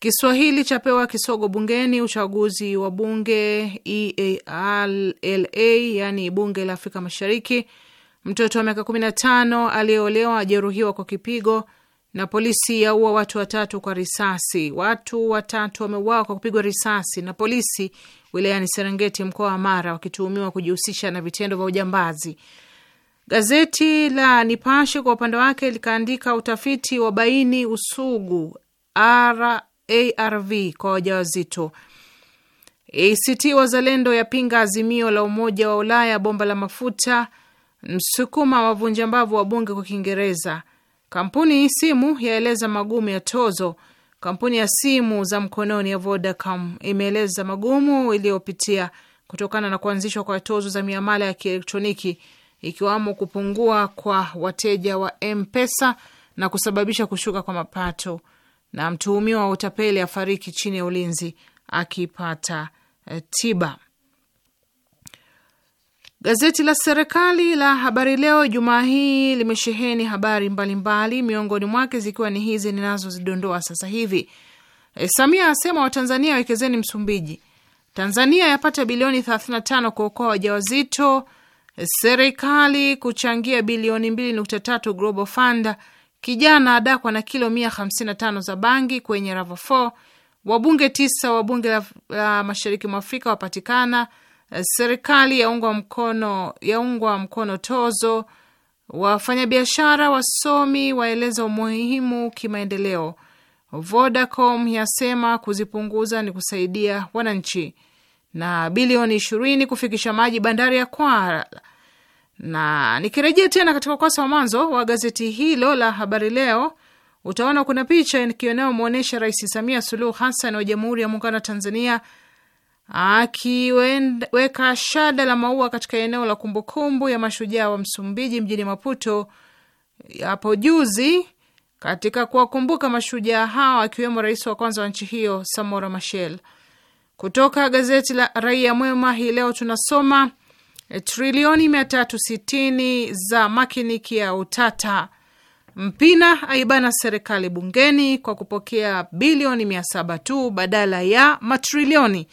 A: Kiswahili chapewa kisogo bungeni. Uchaguzi wa bunge EALA, yani bunge la Afrika Mashariki. Mtoto wa miaka 15 aliyeolewa ajeruhiwa kwa kipigo, na polisi yaua watu watatu kwa risasi. Watu watatu wameuawa kwa kupigwa risasi na polisi wilayani Serengeti, mkoa wa Mara, wakituhumiwa kujihusisha na vitendo vya ujambazi. Gazeti la Nipashe kwa upande wake likaandika utafiti wa baini usugu ARV kwa wajawazito. ACT Wazalendo yapinga azimio la Umoja wa Ulaya bomba la mafuta. Msukuma wavunja mbavu wa bunge kwa Kiingereza. Kampuni simu yaeleza magumu ya tozo. Kampuni ya simu za mkononi ya Vodacom imeeleza magumu iliyopitia kutokana na kuanzishwa kwa tozo za miamala ya kielektroniki ikiwamo kupungua kwa wateja wa M-Pesa na kusababisha kushuka kwa mapato na mtuhumiwa wa utapeli afariki chini ya ulinzi akipata eh, tiba. Gazeti la serikali la Habari Leo Jumaa hii limesheheni habari mbalimbali, miongoni mwake zikiwa ni hizi ninazozidondoa sasa hivi. E, Samia asema Watanzania wekezeni Msumbiji. Tanzania yapata bilioni 35 kuokoa wajawazito. Eh, serikali kuchangia bilioni 2.3 Global Fund Kijana adakwa na kilo mia tano za bangi kwenye rava 4 Wabunge tisa wa bunge la, la mashariki mwa Afrika wapatikana. Eh, serikali yaungwa mkono, yaungwa mkono tozo. Wafanyabiashara wasomi waeleza umuhimu kimaendeleo. Vodacom yasema kuzipunguza ni kusaidia wananchi, na bilioni ishirini kufikisha maji bandari ya Kwala na nikirejea tena katika ukurasa wa mwanzo wa gazeti hilo la Habari Leo utaona kuna picha inayomwonyesha Rais Samia Suluhu Hassan wa Jamhuri ya Muungano wa Tanzania akiweka shada la maua katika eneo la kumbukumbu ya mashujaa wa Msumbiji mjini Maputo hapo juzi, katika kuwakumbuka mashujaa hao akiwemo rais wa kwanza wa nchi hiyo Samora Machel. Kutoka gazeti la Raia Mwema hii leo tunasoma Eh, trilioni 360 za makiniki ya utata. Mpina aibana serikali bungeni kwa kupokea bilioni 7 tu badala ya matrilioni.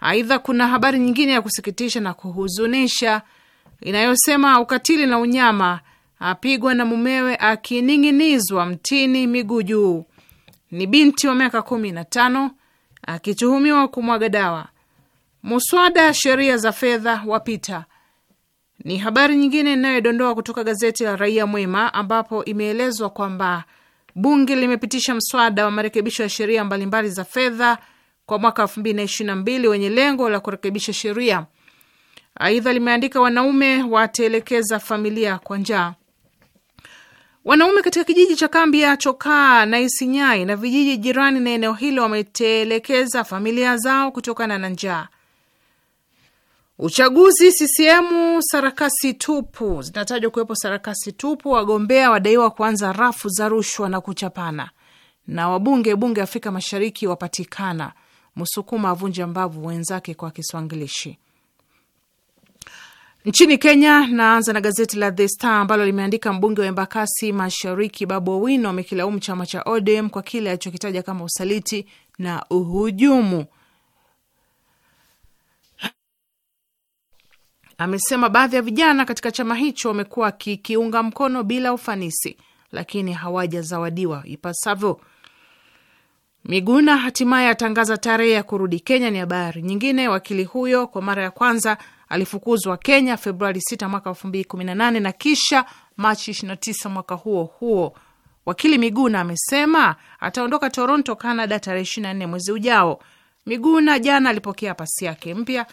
A: Aidha, kuna habari nyingine ya kusikitisha na kuhuzunisha inayosema ukatili na unyama, apigwa na mumewe akining'inizwa mtini miguu juu. Ni binti wa miaka tano akituhumiwa kumwaga dawa Muswada sheria za fedha wapita ni habari nyingine inayodondoa kutoka gazeti la Raia Mwema, ambapo imeelezwa kwamba bunge limepitisha mswada wa marekebisho ya sheria mbalimbali za fedha kwa mwaka 2022 wenye lengo la kurekebisha sheria. Aidha limeandika wanaume watelekeza familia kwa njaa. Wanaume katika kijiji cha kambi ya Chokaa na Isinyai na vijiji jirani na eneo hilo wametelekeza familia zao kutokana na njaa. Uchaguzi CCM sarakasi tupu, zinatajwa kuwepo sarakasi tupu. Wagombea wadaiwa kuanza rafu za rushwa na kuchapana, na wabunge bunge Afrika Mashariki wapatikana. Msukuma avunja mbavu wenzake kwa Kiswahilishi. Nchini Kenya, naanza na gazeti la The Star ambalo limeandika mbunge wa Embakasi Mashariki Babu Owino amekilaumu chama cha ODM kwa kile alichokitaja kama usaliti na uhujumu amesema baadhi ya vijana katika chama hicho wamekuwa kikiunga mkono bila ufanisi, lakini hawajazawadiwa ipasavyo. Miguna hatimaye atangaza tarehe ya kurudi Kenya ni habari nyingine. Wakili huyo kwa mara ya kwanza alifukuzwa Kenya Februari 6 mwaka 2018 na kisha Machi 29 mwaka huo huo. Wakili Miguna amesema ataondoka Toronto, Canada tarehe 24 mwezi ujao. Miguna jana alipokea pasi yake mpya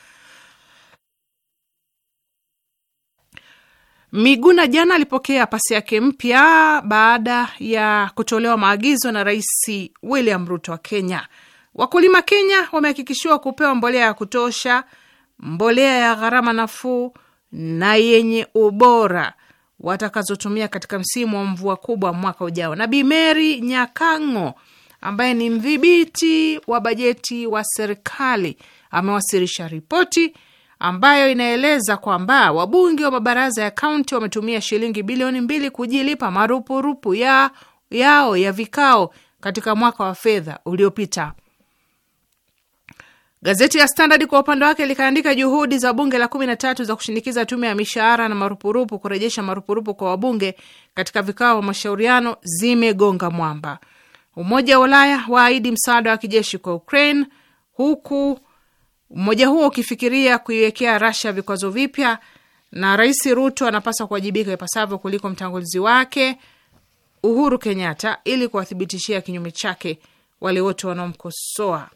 A: Miguna jana alipokea pasi yake mpya baada ya kutolewa maagizo na Rais William Ruto wa Kenya. Wakulima Kenya wamehakikishiwa kupewa mbolea ya kutosha, mbolea ya gharama nafuu na yenye ubora watakazotumia katika msimu wa mvua kubwa mwaka ujao. Na Bi Mary Nyakang'o ambaye ni mdhibiti wa bajeti wa serikali amewasilisha ripoti ambayo inaeleza kwamba wabunge wa mabaraza ya kaunti wametumia shilingi bilioni mbili kujilipa marupurupu ya, yao ya vikao katika mwaka wa fedha uliopita. Gazeti ya Standard kwa upande wake likaandika juhudi za bunge la kumi na tatu za kushinikiza tume ya mishahara na marupurupu kurejesha marupurupu kwa wabunge katika vikao wa mashauriano zimegonga mwamba. Umoja wa Ulaya waahidi msaada wa kijeshi kwa Ukraine, huku Umoja huo ukifikiria kuiwekea Russia vikwazo vipya, na Rais Ruto anapaswa kuwajibika ipasavyo kuliko mtangulizi wake Uhuru Kenyatta ili kuwathibitishia kinyume chake wale wote wanaomkosoa.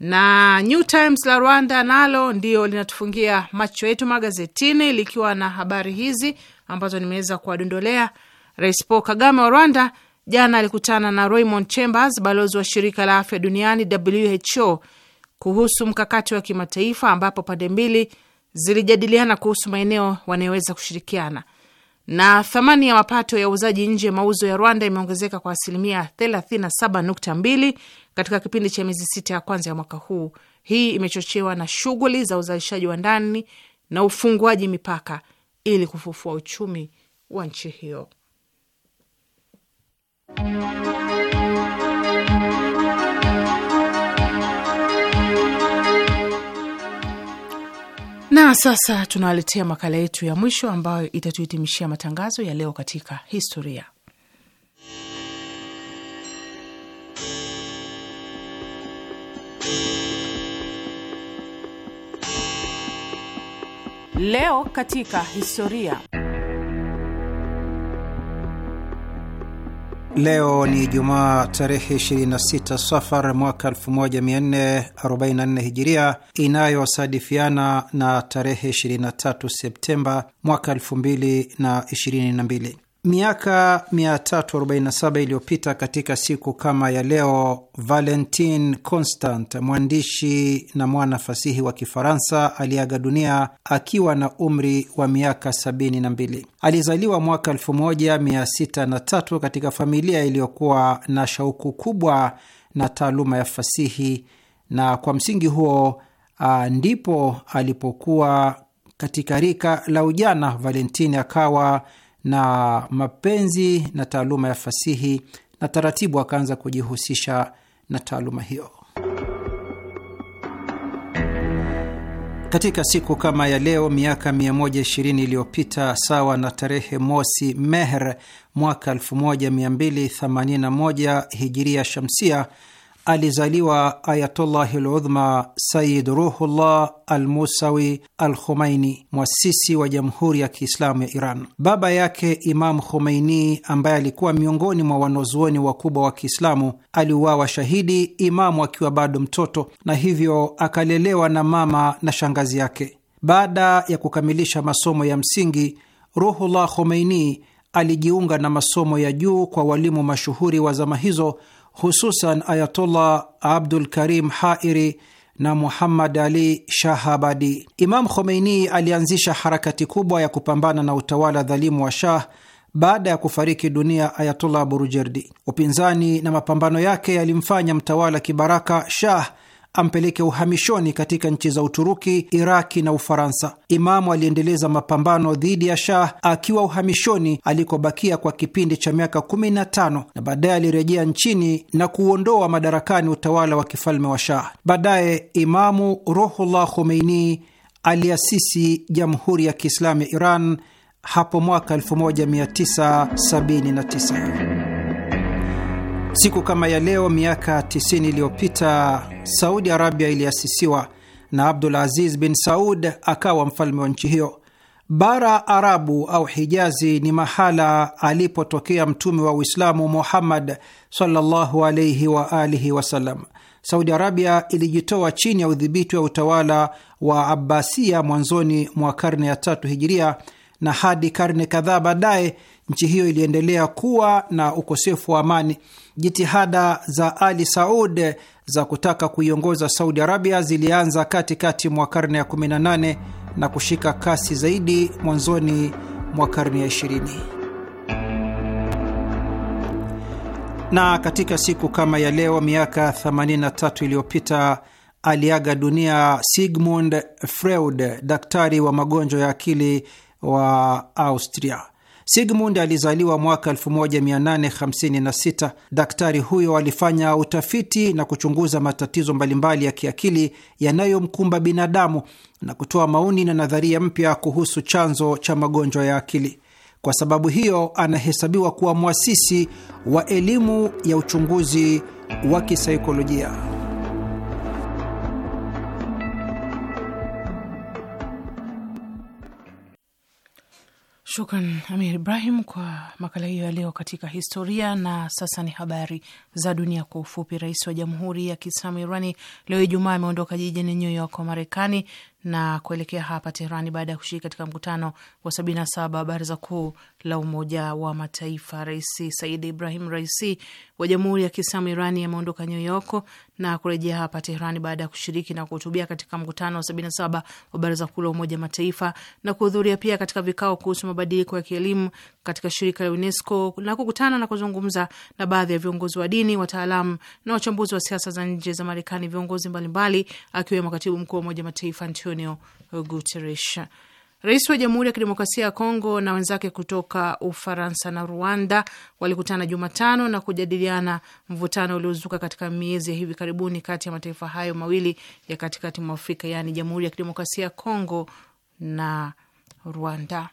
A: Na New Times la Rwanda nalo ndio linatufungia macho yetu magazetini likiwa na habari hizi ambazo nimeweza kuwadondolea. Rais Paul Kagame wa Rwanda jana alikutana na Raymond Chambers, balozi wa shirika la afya duniani WHO kuhusu mkakati wa kimataifa ambapo pande mbili zilijadiliana kuhusu maeneo wanayoweza kushirikiana. Na thamani ya mapato ya uuzaji nje mauzo ya Rwanda imeongezeka kwa asilimia 37.2 katika kipindi cha miezi sita ya kwanza ya mwaka huu. Hii imechochewa na shughuli za uzalishaji wa ndani na ufunguaji mipaka ili kufufua uchumi wa nchi hiyo. Na sasa tunawaletea makala yetu ya mwisho ambayo itatuhitimishia matangazo ya leo katika historia. Leo katika historia.
D: Leo ni Jumaa tarehe 26 Safar mwaka 1444 Hijiria, inayosadifiana na tarehe 23 Septemba mwaka 2022. Miaka 347 iliyopita katika siku kama ya leo, Valentin Constant, mwandishi na mwana fasihi wa Kifaransa, aliaga dunia akiwa na umri wa miaka 72. Alizaliwa mwaka 1603 katika familia iliyokuwa na shauku kubwa na taaluma ya fasihi, na kwa msingi huo a, ndipo alipokuwa katika rika la ujana, valentin akawa na mapenzi na taaluma ya fasihi na taratibu akaanza kujihusisha na taaluma hiyo. Katika siku kama ya leo miaka 120 iliyopita, sawa na tarehe mosi Mehr mwaka 1281 hijiria shamsia, Alizaliwa Ayatullahi Ludhma Sayid Ruhullah al Musawi al Khumaini, mwasisi wa Jamhuri ya Kiislamu ya Iran. Baba yake Imam Khumaini, ambaye alikuwa miongoni mwa wanazuoni wakubwa wa Kiislamu, aliuawa shahidi Imamu akiwa bado mtoto, na hivyo akalelewa na mama na shangazi yake. Baada ya kukamilisha masomo ya msingi, Ruhullah Khumaini alijiunga na masomo ya juu kwa walimu mashuhuri wa zama hizo hususan Ayatollah Abdul Karim Hairi na Muhammad Ali Shahabadi. Imam Khomeini alianzisha harakati kubwa ya kupambana na utawala dhalimu wa Shah baada ya kufariki dunia Ayatollah Burujerdi. Upinzani na mapambano yake yalimfanya mtawala kibaraka Shah ampeleke uhamishoni katika nchi za Uturuki, Iraki na Ufaransa. Imamu aliendeleza mapambano dhidi ya Shah akiwa uhamishoni alikobakia kwa kipindi cha miaka 15 na baadaye alirejea nchini na kuondoa madarakani utawala wa kifalme wa Shah. Baadaye Imamu Ruhullah Khomeini aliasisi Jamhuri ya Kiislamu ya Iran hapo mwaka 1979. Siku kama ya leo miaka 90 iliyopita Saudi Arabia iliasisiwa na Abdul Aziz bin Saud akawa mfalme wa nchi hiyo. Bara Arabu au Hijazi ni mahala alipotokea mtume wa Uislamu Muhammad sallallahu alaihi wa alihi wasallam. Saudi Arabia ilijitoa chini ya udhibiti wa utawala wa Abbasia mwanzoni mwa karne ya tatu hijiria na hadi karne kadhaa baadaye nchi hiyo iliendelea kuwa na ukosefu wa amani. Jitihada za Ali Saud za kutaka kuiongoza Saudi Arabia zilianza katikati mwa karne ya 18 na kushika kasi zaidi mwanzoni mwa karne ya 20. na katika siku kama ya leo miaka 83 iliyopita aliaga dunia Sigmund Freud, daktari wa magonjwa ya akili wa Austria. Sigmund alizaliwa mwaka 1856. Daktari huyo alifanya utafiti na kuchunguza matatizo mbalimbali ya kiakili yanayomkumba binadamu na kutoa maoni na nadharia mpya kuhusu chanzo cha magonjwa ya akili. Kwa sababu hiyo, anahesabiwa kuwa mwasisi wa elimu ya uchunguzi wa kisaikolojia.
A: Shukran Amir Ibrahim kwa makala hiyo ya leo katika historia. Na sasa ni habari za dunia kwa ufupi. Rais wa Jamhuri ya Kiislamu Irani leo Ijumaa ameondoka jijini New York wa Marekani na kuelekea hapa Teherani baada ya kushiriki katika mkutano wa 77 baraza kuu la Umoja wa Mataifa. Rais Saidi Ibrahim Raisi, wa Jamhuri ya Kiislamu Irani ameondoka New York na kurejea hapa Teherani baada ya kushiriki na kuhutubia katika mkutano wa 77 wa Baraza Kuu la Umoja Mataifa na kuhudhuria pia katika vikao kuhusu mabadiliko ya kielimu katika shirika la UNESCO na kukutana na kuzungumza na baadhi ya viongozi wa dini, wataalamu na wachambuzi wa siasa za nje za Marekani, viongozi mbalimbali akiwemo katibu mkuu wa Umoja Mataifa Antonio Guterres. Rais wa Jamhuri ya Kidemokrasia ya Kongo na wenzake kutoka Ufaransa na Rwanda walikutana Jumatano na kujadiliana mvutano uliozuka katika miezi ya hivi karibuni kati ya mataifa hayo mawili ya katikati mwa Afrika, yaani Jamhuri ya Kidemokrasia ya Kongo na Rwanda.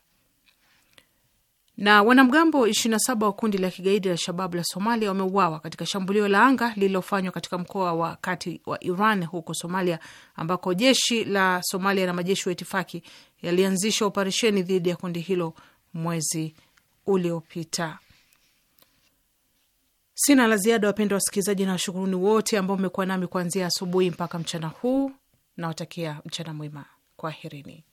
A: Na wanamgambo 27 wa kundi la kigaidi la Shababu la Somalia wameuawa katika shambulio la anga lililofanywa katika mkoa wa kati wa Iran huko Somalia, ambako jeshi la Somalia na majeshi wa itifaki yalianzisha operesheni dhidi ya kundi hilo mwezi uliopita. Sina la ziada, wapendwa wasikilizaji, na washukuruni wote ambao mmekuwa nami kuanzia asubuhi mpaka mchana huu. Nawatakia mchana mwema, kwaherini.